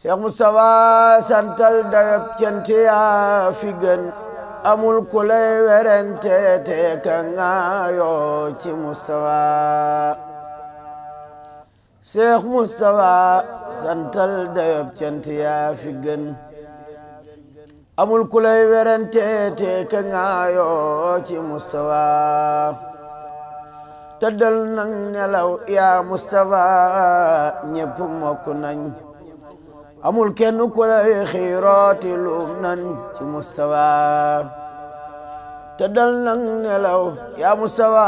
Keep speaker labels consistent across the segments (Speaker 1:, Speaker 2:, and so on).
Speaker 1: Cheikh Moustapha santal dayab cant yaa fi gën amul ku lay werante te ka ngaayoo ci te ka ngaayoo ci Moustapha tëddal nañ nelaw yaa Moustapha ñépp mokk nañ amul kenn ku lay xiiraati lum nan ci mustawa te dal nang nelaw yaa mustawa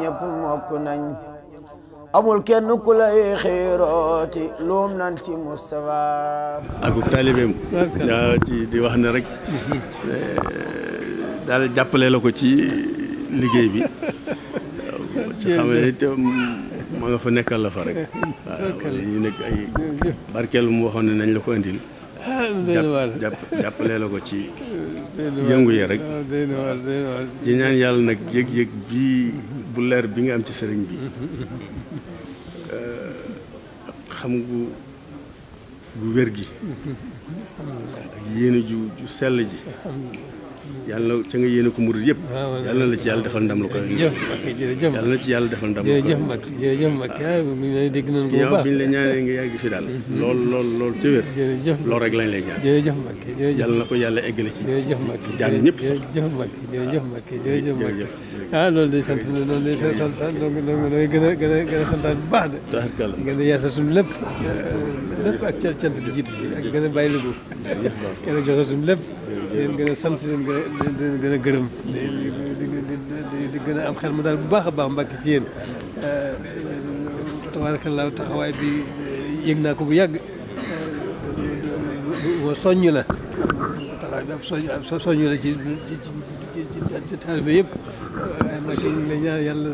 Speaker 1: ñépp mokk nañ amul kenn ku lay xiiraati lum nan ci mustawa
Speaker 2: akub taalibeem yaa ci di wax ne rek eh, daal jàppale la ko ci liggéey bi ci xam ne itam ma nga fa nekkal la fa rek waaw ñu nekk ay mu waxoon ne nañ la ko indil ah, jàpp jàppalee la ko ci yëngu yi rek ci ah, ñaan yàlla nag yëg-yëg bii bu leer bi nga am ci sëriñ bi euh, xam gu gu wér gi ak yéene ju sell ji yàlla na ca nga yéene ko murid yëpp ah, yàlla na ci yàlla defal ndam lu ko yàlla na ci yàlla defal ndam lu ko jërëjëf Mbacke
Speaker 3: jërëjëf Mbacke ah. Ah, la
Speaker 2: ñaanee nga yàgg fi daal lool lool lool ca wér lool rek lañ lay ñaan jërëjëf Mbacke jërëjëf yàlla na ko yàlla eggale ci jërëjëf Mbacke jàng ñëpp sax
Speaker 3: jërëjëf Mbacke jërëjëf Mbacke jërëjëf a gën a a santaat bu baax de gën a yaasa lépp lépp ak cant bi jiitu ak gën a bàyyi lu gën a joxe lépp seen gën a sant seen gën a gën a gërëm di gën a am xel mu daal bu baax a baax mbàkki ci yéen euh, tabaarakallaa taxawaay bi euh, yëg naa ko bu yàgg boo euh, soññ la taxawaay bi ab soññ la ci ci ci ci taalibe yëpp waaye nag ñu ngi lay ñaan yàlla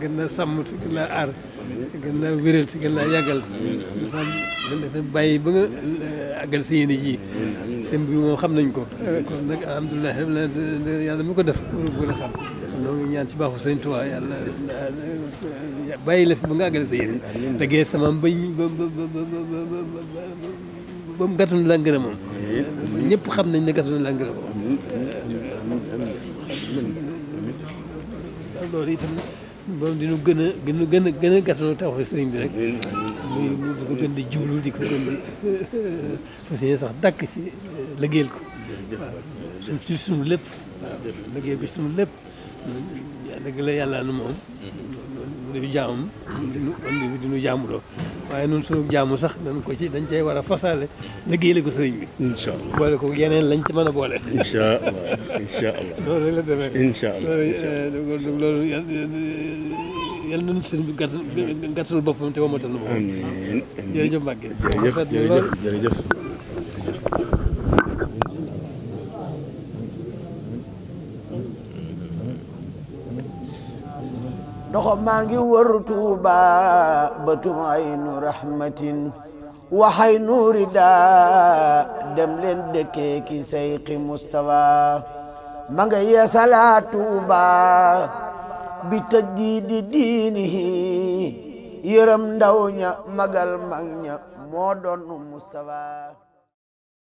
Speaker 3: gën naa sàmm te gën naa aar gën naa wéral ba nga àggal sa ji seen bi moom xam nañ ko kon nag alhamdulilah yàlla mu ko def bu la xam noonu ñaan ci baaxu sëñ Tuubaa yàlla bàyyi la a ba nga àggal sa yéene liggéey sama ba mu gàttanu laa ngërëmam ñëpp xam nañ ne gàttanu laa ngërëmam loolu moom dinu gën a gën a gën a gën a gàttanu taw sëriñ bi mu di ko gën di jublu di ko gën di sax dàkk ci liggéeyal ko waaw ci suñu lépp waaw liggéey bi suñu lépp la yàlla nu moom mu di jaamam waaye noonu sunu jaamu sax dañ ko ci dañ cay war a fasaale liggéeyale ko sëriñ bi. incha allah boole ko yeneen lañ ci mën a boole. incha
Speaker 2: allah incha allah. la demee incha allah
Speaker 3: loolu eh, loolu yal nañu sëriñ bi gàttal te wamatal na boppam. amiin amiin jërëjëf Mbacke.
Speaker 2: jërëjëf
Speaker 1: ndoxo maa ngi wër tuuba batum aynu rahmatin waxay nuuri daa dem leen dëkkee ki sayqi mustafa ma nga yeesalaa tuuba bi tajdiidi diinihi yërëm ndaw ña magal mag ña moo doon mustafa